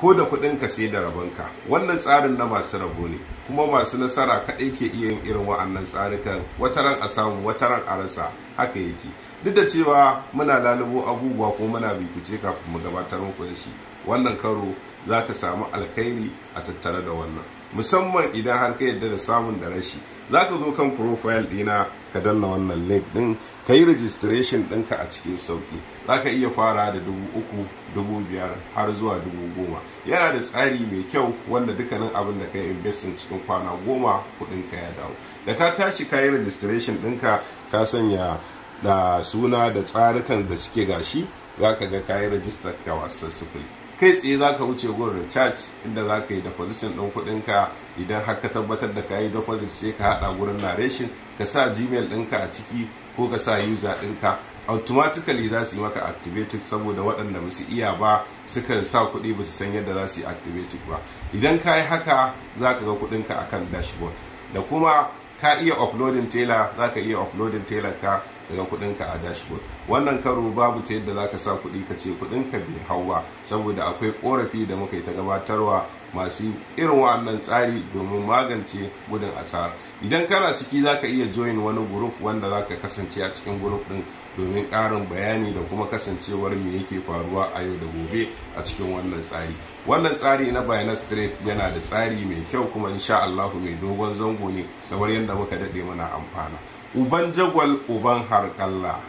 ko da kuɗin ka sai da rabonka wannan tsarin na masu rabo ne kuma masu nasara kaɗai ke iya yin irin wa'annan tsarukan wataran a samu wataran a rasa haka yake duk da cewa muna lalubo abubuwa ko muna bincike kafin mu gabatar muku da shi wannan karo za ka samu alkhairi a tattare da wannan musamman idan har ka yadda da samun da rashi za ka zo kan profile ɗina ka danna wannan link ɗin ka yi registration ɗinka a cikin sauƙi za ka iya fara da dubu uku dubu biyar har zuwa dubu goma yana da tsari mai kyau wanda dukkanin abin da ka yi investin cikin kwana goma kuɗin ka ya dawo da ka tashi ka yi registration ɗinka ka sanya da ah, suna da tsarukan da suke gashi za ka ga ka yi rajistar ka wasan sufuri kai tsaye za ka wuce gun recharge inda za ka yi deposition ɗin ka, idan har ka tabbatar da ka yi deposit sai ka haɗa gurin narration ka sa gmail ɗinka a ciki ko ka sa user ɗinka automatically za su yi maka activated saboda waɗanda ba su iya ba suka sa kuɗi ba su san yadda za su yi activated ba idan ka yi haka za ka ga kuɗinka akan dashboard da kuma ka iya uploading tela za ka iya uploading tailor ka daga kuɗinka a dashboard wannan karo babu ta yadda zaka sa kuɗi ka ce kuɗinka bai hau ba saboda akwai korafi da muka yi ta gabatarwa masu irin wannan tsari domin magance gudun asara idan kana ciki zaka iya join wani group wanda zaka kasance a cikin group din domin ƙarin bayani da kuma kasancewar me yake faruwa a yau da gobe a cikin wannan tsari wannan tsari na Binance street yana da tsari mai kyau kuma insha Allahu mai dogon zango ne kamar yadda muka dade muna amfana uban jagwal uban harkalla